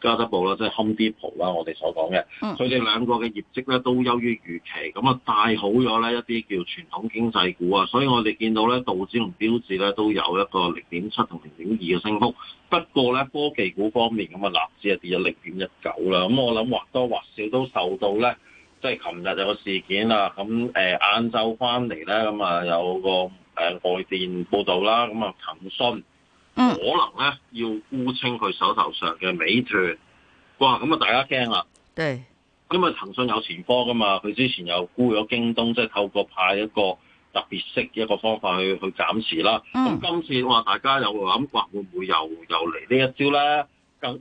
加德寶啦，即、就、係、是、Home Depot 啦，我哋、嗯、所講嘅，佢哋兩個嘅業績咧都優於預期，咁啊帶好咗咧一啲叫傳統經濟股啊，所以我哋見到咧道指同標指咧都有一個零點七同零點二嘅升幅，不過咧科技股方面咁啊納指啊跌咗零點一九啦，咁我諗或多或少都受到咧，即係琴日有個事件啦咁誒晏晝翻嚟咧咁啊有個外電報導啦，咁啊騰訊，可能咧要沽清佢手頭上嘅美團哇，咁啊，大家驚啦。對，因為騰訊有前科噶嘛，佢之前又沽咗京東，即係透過派一個特別式嘅一個方法去去減持啦。咁、嗯啊、今次話大家又諗過會唔會又又嚟呢一招咧？咁，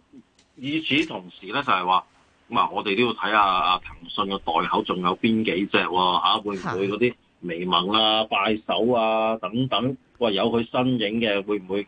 與此同時咧就係、是、話，咁啊，我哋都要睇下啊，騰訊嘅袋口仲有邊幾隻吓？會唔會嗰啲微盟啊、快手啊等等，喂，有佢身影嘅會唔會？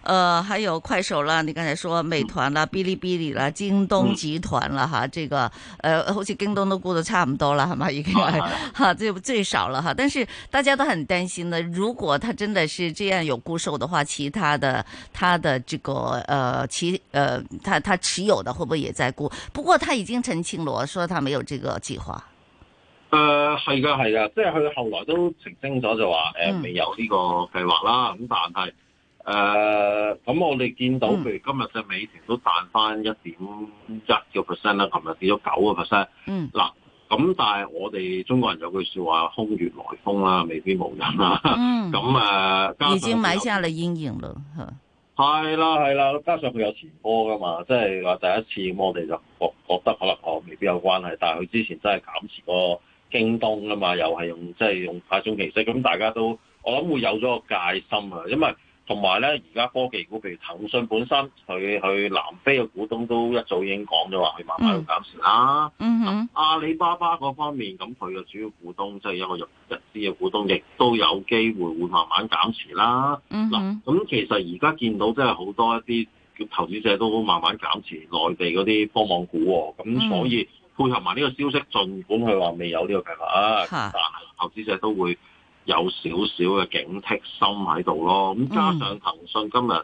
呃，還有快手啦，你剛才說美團啦、嗶哩嗶哩啦、京東集團啦，嗯、哈，這個，呃，好似京東都沽得差不多了，係嘛，已經，哈，最最少了哈，但是大家都很擔心呢，如果他真的是這樣有沽售的話，其他的他的這個，呃，其，呃，他他持有的會不會也在沽？不過他已經澄清了說他沒有這個計劃。呃，是的是的，即係佢後來都澄清咗就話，誒、呃，未有呢個計劃啦，咁、嗯、但係。誒，咁、uh, 我哋見到譬如今日嘅美團都彈返一點一個 percent、嗯、啦，琴日跌咗九個 percent。嗯，嗱，咁但係我哋中國人有句説話，空穴來風啦，未必無人啦。咁誒、嗯嗯，已經埋下了陰影了。係、啊、啦，係啦，加上佢有前科噶嘛，即係話第一次，我哋就覺覺得可能哦未必有關係，但係佢之前真係減持過京東噶嘛，又係用即係、就是、用派中期息，咁大家都我諗會有咗個戒心啊，因為。同埋咧，而家科技股，譬如騰訊本身，佢去南非嘅股東都一早已經講咗話，佢慢慢減持啦。嗯、mm hmm. 阿里巴巴嗰方面，咁佢嘅主要股東即係、就是、一個日日資嘅股東，亦都有機會會慢慢減持啦。嗯嗱、mm，咁、hmm. 其實而家見到即係好多一啲投資者都慢慢減持內地嗰啲科網股喎，咁、mm hmm. 所以配合埋呢個消息，儘管佢話未有呢個計劃啊，Ha. 但投資者都會。有少少嘅警惕心喺度咯，咁加上騰訊今日誒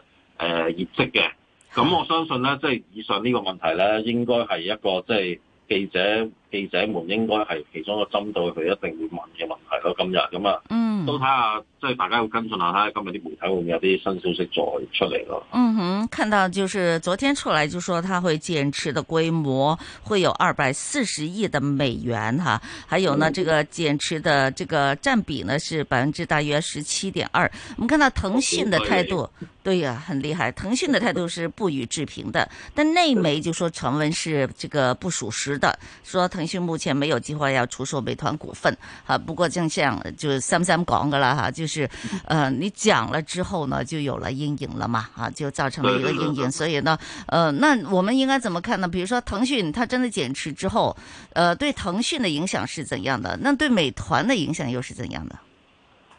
業績嘅，咁，mm. 呃，我相信咧，即係以上呢個問題咧，應該係一個即係記者。記者們應該係其中一個針對佢一定會問嘅問題咯，今日咁啊，嗯、都睇下即係大家要跟進下睇今日啲媒體會唔會有啲新消息再出嚟咯。嗯哼，看到就是昨天出來，就說它會減持的規模會有二百四十億的美元哈，還有呢，嗯、這個減持的這個占比呢是百分之大約十七點二。我們看到騰訊的態度，嗯、對呀、啊，很厲害。騰訊的態度是不予置評的，但內媒就說傳聞是這個不屬實的，說。騰訊目前沒有計劃要出售美團股份，不過正像就是三三講的了哈，就是，呃，你講了之後呢，就有了陰影了嘛，啊，就造成了一個陰影。對對對對，所以呢，呃，那我們應該怎麼看呢？比如說騰訊它真的減持之後，呃，對騰訊的影響是怎樣的？那對美團的影響又是怎樣的？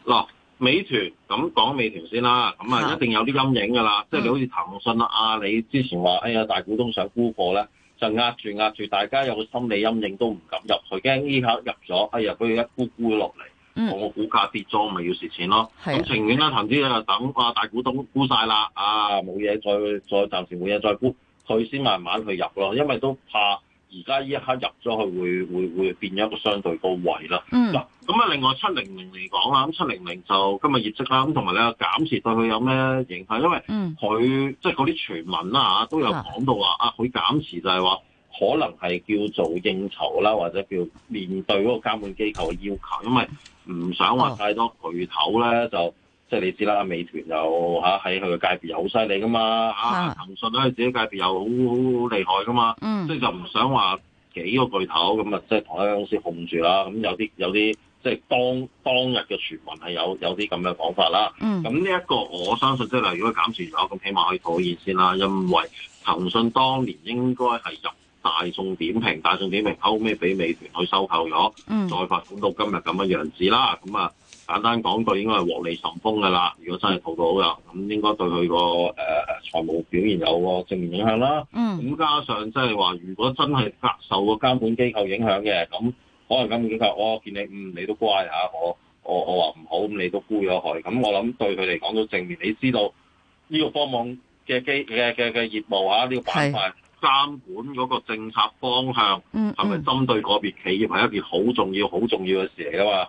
嗱，美團咁講美團先啦，咁啊一定有啲陰影噶啦，即係、啊、你好似騰訊啊、你之前話，哎呀大股東想沽貨咧。就壓住壓住，大家有個心理陰影都唔敢入去，驚呢下入咗，哎呀，畀佢一沽沽落嚟，嗯、我股價跌咗，咪要蝕錢咯。咁的情願啦，甚至啊等啊大股東沽晒啦，啊冇嘢再再暫時冇嘢再沽。佢先慢慢去入咯，因為都怕，而家呢一刻入咗去會，會會會變咗一個相對高位啦。咁啊、嗯，另外七零零嚟講啦，咁七零零就今日業績啦，咁同埋咧減持對佢有咩影響？因為佢、嗯、即係嗰啲傳聞啦、啊、都有講到話的啊，佢減持就係話可能係叫做應酬啦，或者叫面對嗰個監管機構嘅要求，因為唔想話太多巨頭咧、哦、就。即係你知啦，美團又嚇喺佢嘅界別又好犀利噶嘛，啊，啊騰訊呢自己界別又好好厲害噶嘛，嗯、即係就唔想話幾個巨頭咁啊，即係同一間公司控住啦。咁有啲有啲即係當當日嘅傳聞係有有啲咁嘅講法啦。咁呢一個我相信即係，如果減持咗，咁起碼可以妥協先啦。因為騰訊當年應該係入大眾點評，大眾點評後尾俾美團去收購咗，嗯、再發展到今日咁嘅樣子啦。咁啊～簡單講句，應該係獲利順風嘅啦。如果真係套到好嘅，咁應該對佢個誒財務表現有個正面影響啦。咁、嗯、加上即係話，如果真係受個監管機構影響嘅，咁可能監管機構我見你，嗯，你都乖嚇，我我我話唔好，你都虧咗佢。咁我諗對佢嚟講到正面。你知道呢個科網嘅業務啊，呢、呢個板塊是監管嗰個政策方向係咪、嗯、針對個別企業係、嗯、一件好重要、好重要嘅事嚟㗎嘛？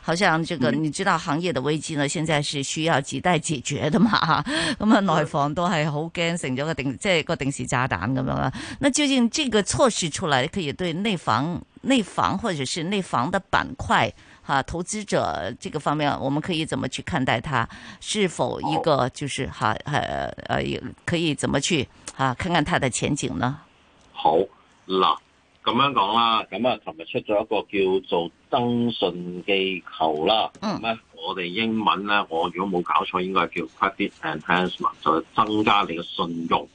好像這個你知道行業的危機呢？現在是需要亟待解決的嘛？咁啊，內房都係好驚，成咗個定即係個定時炸彈咁樣啊！那究竟這個措施出來，可以對內房、內房或者是內房的板塊，哈，投資者這個方面，我們可以怎麼去看待它？是否一個就是哈？呃呃，可以怎麼去啊？看看它的前景呢？好嗱，咁樣講啦，咁啊，琴日出咗一個叫做，增信機構啦，嗯，我哋英文咧，我如果冇搞錯，應該係叫 credit enhancement，就係增加你嘅信用。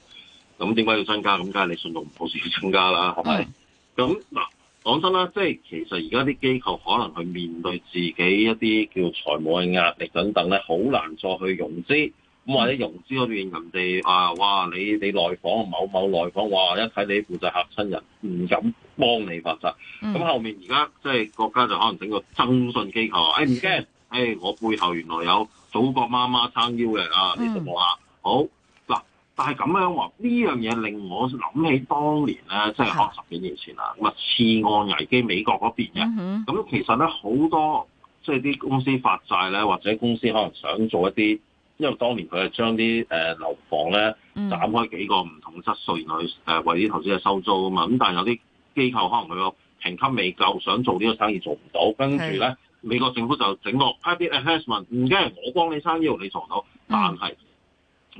咁點解要增加？咁梗係你信用唔好先要增加啦，係咪是？咁嗱，講真啦，即係其實而家啲機構可能去面對自己一啲叫財務嘅壓力等等咧，好難再去融資。咁或者融資嗰邊人哋啊，哇！你你內房某某內房，哇！一睇你負責嚇親人，唔敢幫你發債。咁、嗯、後面而家即係國家就可能整個增信機構，誒唔驚，誒、哎、我背後原來有祖國媽媽撐腰嘅啊！你信我下。好嗱，但係咁樣話，呢樣嘢令我諗起當年咧，即係學十幾年前啦。咁啊的，次按危機美國嗰邊嘅，咁、嗯、哼其實咧好多即係啲公司發債咧，或者公司可能想做一啲。因為當年佢係將啲誒樓房咧，斬開幾個唔同質素，然後去誒為啲投資嘅收租啊嘛。咁但係有啲機構可能佢個評級未夠，想做呢個生意做唔到。跟住咧，美國政府就整落：「particular enhancement，唔驚我幫你生意，你做唔到。」但係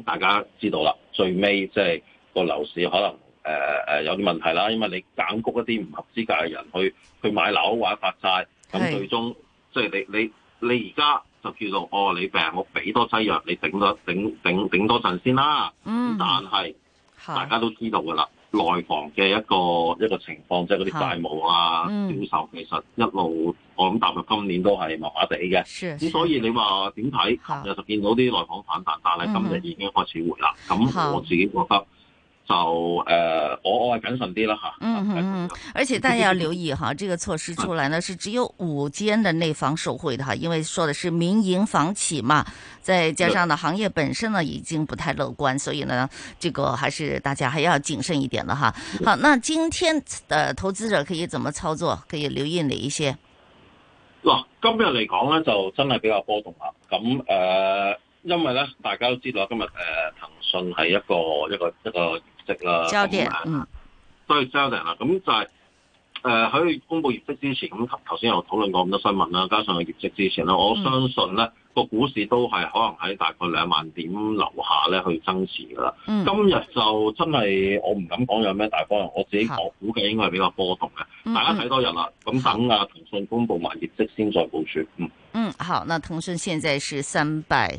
大家知道啦，最尾即係個樓市可能誒、呃呃、有啲問題啦，因為你揀谷一啲唔合資格嘅人去去買樓或者發債，咁最終即係你你你而家。就叫做哦，你病我俾多劑藥，你頂多頂頂頂多陣先啦。嗯，但係是是大家都知道噶啦，內房嘅一個一個情況，即係嗰啲債務啊、銷售是，其實一路我諗踏入今年都係麻麻地嘅。是，咁所以你話點睇？又是就見到啲內房反彈，但係今日已經開始回啦。咁、嗯、我自己覺得。是就誒、呃，我我係謹慎啲啦吓。嗯嗯，而且大家要留意哈，這個措施出來呢，是只有五間的內房受惠的哈，因為說的是民營房企嘛，再加上呢行業本身呢已經不太樂觀，所以呢，這個還是大家還要謹慎一點的哈。好，那今天的投資者可以怎麼操作？可以留意哪一些？嗱，今日嚟講呢，就真係比較波動啊。咁誒、呃，因為呢，大家都知道今日誒騰訊係一個一個一個。一個一個焦點，嗯，都係焦點啦。咁就係、是、誒，喺、呃、公布業績之前，咁頭先有討論過咁多新聞啦，加上業績之前啦，嗯、我相信咧個股市都係可能喺大概兩萬點樓下咧去增持噶啦。嗯、今日就真係我唔敢講有咩大波，我自己我估計應該係比較波動嘅。好大家睇多日啦，咁等啊，騰訊好公布埋業績先再部署。嗯嗯，好，那騰訊現在是三百。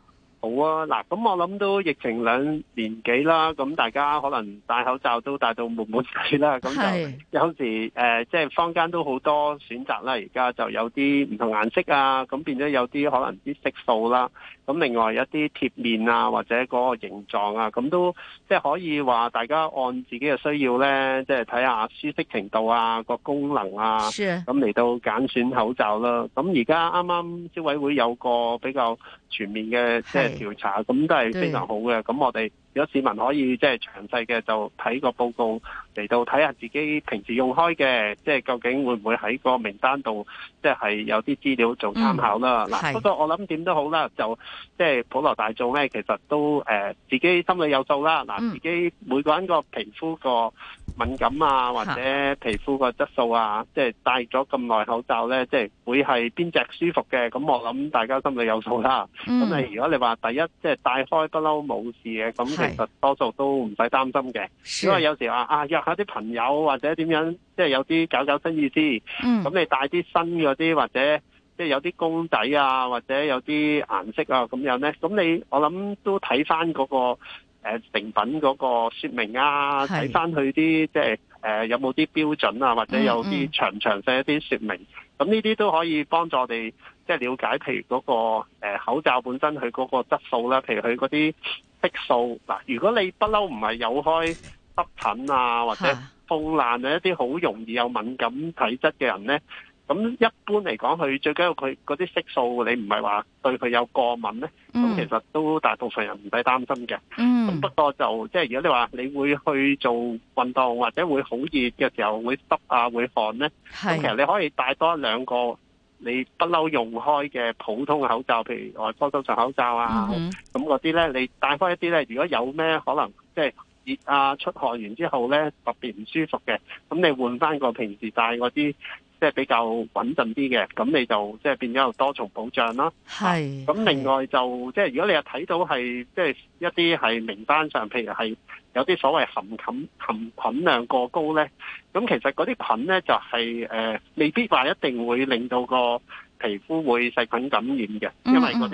好啊，嗱，咁我諗都疫情兩年幾啦，咁大家可能戴口罩都戴到悶悶滯啦，咁就有時誒，即係是、呃就是、坊間都好多選擇啦。而家就有啲唔同顏色啊，咁變咗有啲可能啲色素啦，咁另外有啲貼面啊，或者嗰個形狀啊，咁都即係、就是、可以話大家按自己嘅需要呢，即係睇下舒適程度啊，個功能啊，咁嚟是到揀選口罩啦。咁而家啱啱消委會有個比較。全面嘅即係調查，咁係都係非常好嘅。咁對我哋。如果市民可以即係詳細嘅就睇個報告嚟到睇下自己平時用開嘅，即係究竟會唔會喺個名單度，即係有啲資料做參考啦。嗱、嗯，不過我諗，點都好啦，就即係普羅大眾咧，其實都誒、呃、自己心裏有數啦。嗱、嗯，自己每個人個皮膚個敏感啊，或者皮膚個質素啊，即係戴咗咁耐口罩咧，即係會係邊隻舒服嘅？咁我諗大家心裏有數啦。咁你、嗯、如果你話第一即係戴開不嬲冇事嘅咁。是其實多數都唔使擔心嘅，是因為有時話啊，約下啲朋友或者點樣，即係有啲搞搞新意思。咁、嗯、你帶啲新嗰啲或者即係有啲公仔啊，或者有啲顏色啊咁樣咧。咁你我諗都睇翻嗰個誒、呃、成品嗰個說明啊，睇翻佢啲即係誒有冇啲標準啊，或者有啲長詳細一啲說明。咁呢啲都可以幫助我哋即係了解，譬如嗰、那個誒、呃、口罩本身佢嗰個質素啦，譬如佢嗰啲。色素嗱，如果你不嬲唔係有開濕疹啊，或者風爛啊，一啲好容易有敏感體質嘅人咧，咁一般嚟講，佢最緊要佢嗰啲色素，你唔係話對佢有過敏咧，咁其實都大部分人唔使擔心嘅。咁、嗯、不過就即係如果你話你會去做運動或者會好熱嘅時候會濕啊會汗咧，咁是其實你可以帶多一兩個。你不嬲用開嘅普通口罩，譬如外科口罩啊，咁嗰啲咧，你戴翻一啲咧。如果有咩可能，即係熱啊、出汗完之後咧，特別唔舒服嘅，咁你換翻個平時戴嗰啲。即係比較穩陣啲嘅，咁你就即係、就是、變咗有多重保障啦。係。咁另外就即係、就是、如果你又睇到係即係一啲係名單上，譬如係有啲所謂含菌含菌量過高咧，咁其實嗰啲菌咧就係、是、誒、呃、未必話一定會令到個皮膚會細菌感染嘅，因為嗰啲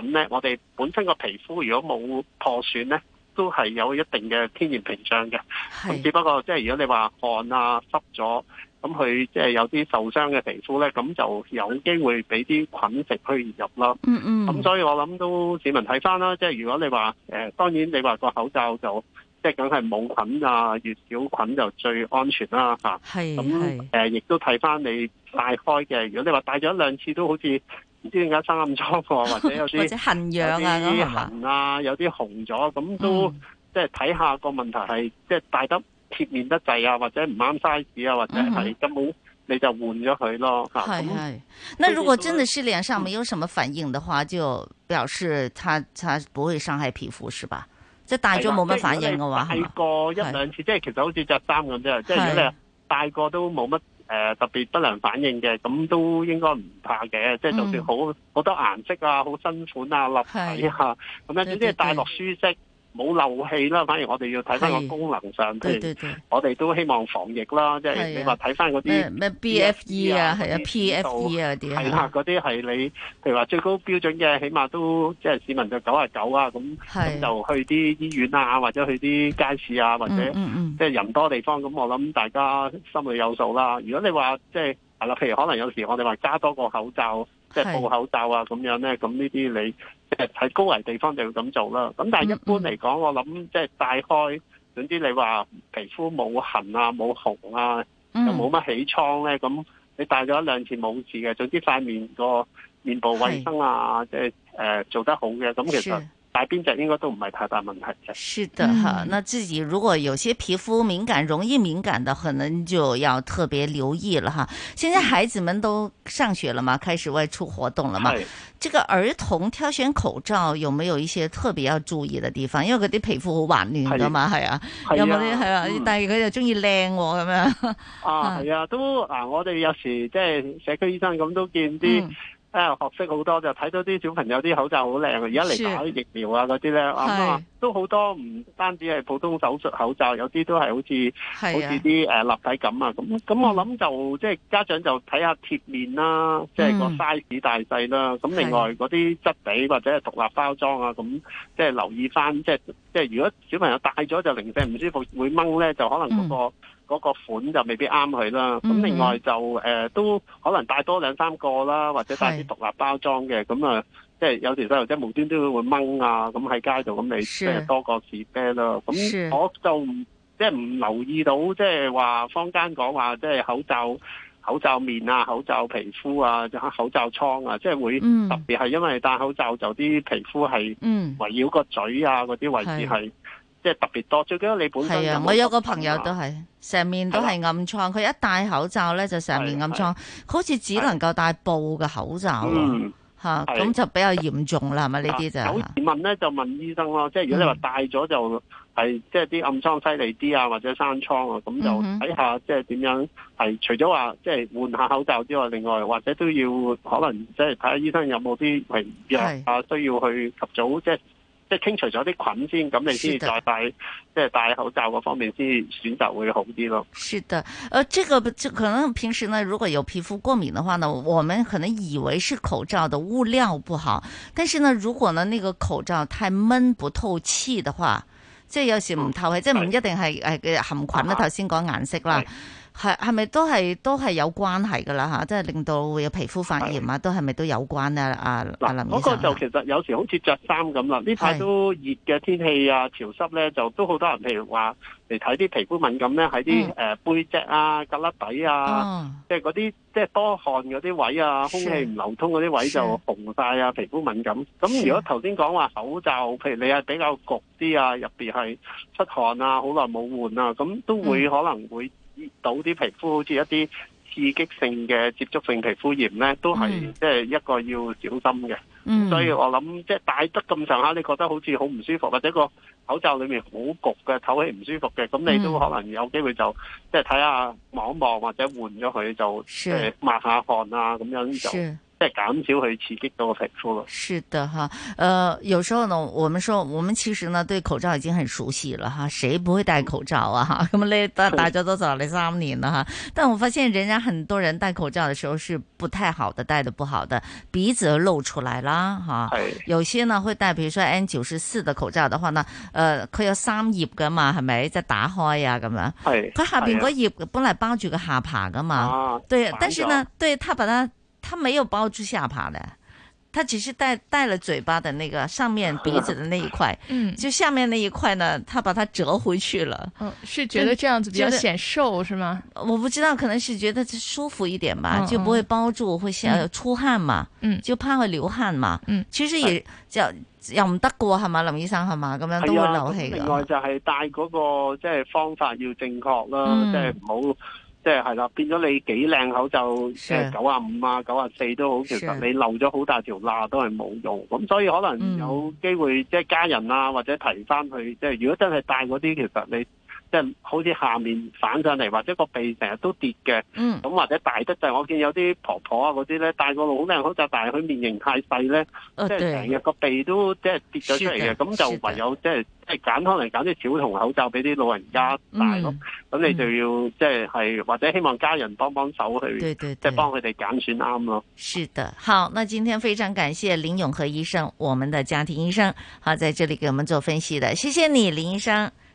菌咧，嗯嗯我哋本身個皮膚如果冇破損咧，都係有一定嘅天然屏障嘅。咁是只不過即係、就是、如果你話汗啊濕咗。咁佢即係有啲受傷嘅皮膚咧，咁就有機會俾啲菌食去入囉、嗯。嗯嗯。咁所以我諗都市民睇翻啦，即、就、係、是、如果你話誒、呃，當然你話個口罩就即係梗係冇菌啊，越少菌就最安全啦係。咁亦都睇翻你戴開嘅。如果你話戴咗一兩次都好似唔知點解生暗瘡， 或者有啲或者痕癢啊，有啲痕啊，有啲紅咗，咁嗎都即係睇下個問題係即係戴得。貼面得滯啊，或者唔啱 size 啊，或者係根本，你就換咗佢咯。係係、嗯那，那如果真的是臉上沒有什麼反應的話，嗯、就表示它它不會傷害皮膚，是吧？即係戴咗冇乜反應嘅話，係、啊。戴、就是、過一兩次，即係是其實好似着衫咁啫。即係是如果你戴過都冇乜誒特別不良反應嘅，咁都應該唔怕嘅。即係、嗯、就算好好多顏色啊，好新款啊，立體啊，咁是樣總之、就是、戴落舒適。對對對冇漏氣啦，反而我哋要睇翻個功能上，對對對，譬如我哋都希望防疫啦，即係你話睇翻嗰啲咩 BFE 啊，係啊 PFE 啊啲，係啦，嗰啲係你譬如話最高標準嘅，起碼都即係、就是、市民就九啊九啊咁，就去啲醫院啊，或者去啲街市啊，或者即係人多地方，咁、嗯嗯、我諗大家心裏有數啦。如果你話即係。就是係啦，譬如可能有時我哋話加多個口罩，即係布口罩啊，咁樣咧，咁呢啲你即係喺高危地方就要咁做啦。咁但係一般嚟講，我諗即係戴開，總之你話皮膚冇痕啊，冇紅啊，又冇乜起瘡咧，咁，嗯，你戴咗一兩次冇事嘅，總之塊面個面部衛生啊，即係誒做得好嘅，咁其實。買邊隻應該都唔係太大問題。是的哈，那自己如果有些皮膚敏感、容易敏感的，可能就要特別留意了哈。現在孩子們都上學了嘛，開始外出活動了嘛。是這個兒童挑選口罩有沒有一些特別要注意的地方？因為佢啲皮膚好滑嫩噶嘛，係是啊，有冇啲係啊？啊嗯、但係佢又中意靚咁樣。啊，係啊，都啊我哋有時即係社區醫生咁都見啲。嗯誒學識好多就睇到啲小朋友啲口罩好靚，而家嚟打啲疫苗啊嗰啲咧啊，是都好多唔單止係普通手術口罩，有啲都係好似、啊、好似啲立體咁啊咁。咁、嗯、我諗就即係家長就睇下貼面啦，即、就、係、是、個 size 大細啦。咁、嗯、另外嗰啲是質地或者係獨立包裝啊，咁即係留意返。即係即係如果小朋友戴咗就零舍唔舒服，會掹咧就可能嗰、那個。嗯嗰個款就未必啱佢啦。咁另外就誒、mm hmm. 呃、都可能帶多兩三個啦，或者帶啲獨立包裝嘅。咁是、嗯、啊，即係有時細路，啲無端端會掹啊，咁喺街度咁，你即係多個紙啤啦，咁我就唔即係唔留意到，即係話坊間講話，即係口罩、口罩面啊、口罩皮膚啊、口罩瘡啊，即係會特別係因為戴口罩就啲皮膚係圍繞個嘴啊嗰啲、mm hmm. 位置係。即係特別多，最緊要你本身。係啊，我有個朋友都係，成面都係暗瘡。佢一戴口罩咧，就成面暗瘡，好似只能夠戴布嘅口罩啊！嚇，咁就比較嚴重啦，係咪呢啲就？問咧就問醫生咯，即係如果你話戴咗就係即係啲暗瘡犀利啲啊，或者生瘡啊，咁就睇下即係點樣。係除咗話即係換下口罩之外，另外或者都要可能即係睇下醫生有冇啲藥啊，需要去及早即係。即係清除咗啲菌先，咁你先至再戴，的即係戴口罩嗰方面先選擇會好啲咯。是的，誒、呃，這個就可能平時呢，如果有皮膚過敏的話呢，我們可能以為是口罩的物料不好，但是呢，如果呢那個口罩太悶不透氣的話，即係有時唔透氣，即係唔一定係誒的、哎、含菌啦，頭先講顏色啦。係係咪都係都係有關係噶啦吓，即係令到有皮膚發炎啊，都係咪都有關咧？阿阿林醫生嗱，嗰個就其實有時好似着衫咁啦，呢排都熱嘅天氣啊，潮濕咧就都好多人，譬如話嚟睇啲皮膚敏感咧，喺啲誒背脊啊、胳肋底啊，即係嗰啲即係多汗嗰啲位啊，空氣唔流通嗰啲位就紅晒啊，皮膚敏感。咁如果頭先講話口罩，譬如你係比較焗啲啊，入邊係出汗啊，好耐冇換啊，咁都會可能會。到啲皮膚好似一啲刺激性嘅接觸性皮膚炎咧，都係即係一個要小心嘅。嗯，mm. 所以我諗即係戴得咁上下，你覺得好似好唔舒服，或者個口罩裏面好焗嘅，透氣唔舒服嘅，咁你都可能有機會就即係睇下望一望，或者換咗佢就誒是、呃、抹下汗啊，咁樣就。即係減少去刺激到個皮膚咯。是的哈，呃、啊、有時候呢，我們說，我們其實呢對口罩已經很熟悉了哈，誰不會戴口罩啊？咁樣咧，大、嗯、大家都戴咗三年了哈。是但我發現，仍然很多人戴口罩的時候是不太好的，戴得不好的，鼻子都露出來啦，哈是。係、啊。有些呢會戴，比如說 N 九十四的口罩的話呢，呃佢有三葉噶嘛，係咪？即係打開呀、啊、咁樣。係是。佢下邊嗰葉、啊、本來包住個下巴噶嘛。啊、對，正但是呢，對，他把啦。他沒有包住下巴的，他只是帶戴了嘴巴的那個上面鼻子的那一塊，啊、嗯，就下面那一塊呢，他把它折回去了。嗯、哦，是覺得這樣子比較顯瘦、嗯、是嗎？我不知道，可能是覺得舒服一點吧，嗯、就不會包住會顯出汗嘛。嗯，就怕會流汗嘛。嗯，嗯其實也叫，又唔、哎、得過係嘛，林醫生係嘛，咁樣都會漏氣原咁、啊、另外就係戴嗰個即係、就是、方法要正確啦，即係唔好。即係係啦，變咗你幾靚口罩，即係九啊五啊、九啊四都好，其實你漏咗好大條罅都係冇用。咁所以可能有機會即係加人啊，或者提翻佢。即係如果真係戴嗰啲，其實你。好似下面反上嚟，或者個鼻成日都跌嘅，咁、嗯、或者大得滯，我見有啲婆婆啊嗰啲咧戴個帽好靚好扎，但係佢面型太細咧，即係成日個鼻都即係跌咗出嚟嘅，咁的就唯有即係即係揀可能揀啲小童口罩俾啲老人家戴咯，咁、嗯、你就要即係係或者希望家人幫幫手去，即係幫佢哋揀選啱咯。是的，好，那今天非常感謝林永和醫生，我們的家庭醫生，好在這裏給我們做分析的，謝謝你，林醫生。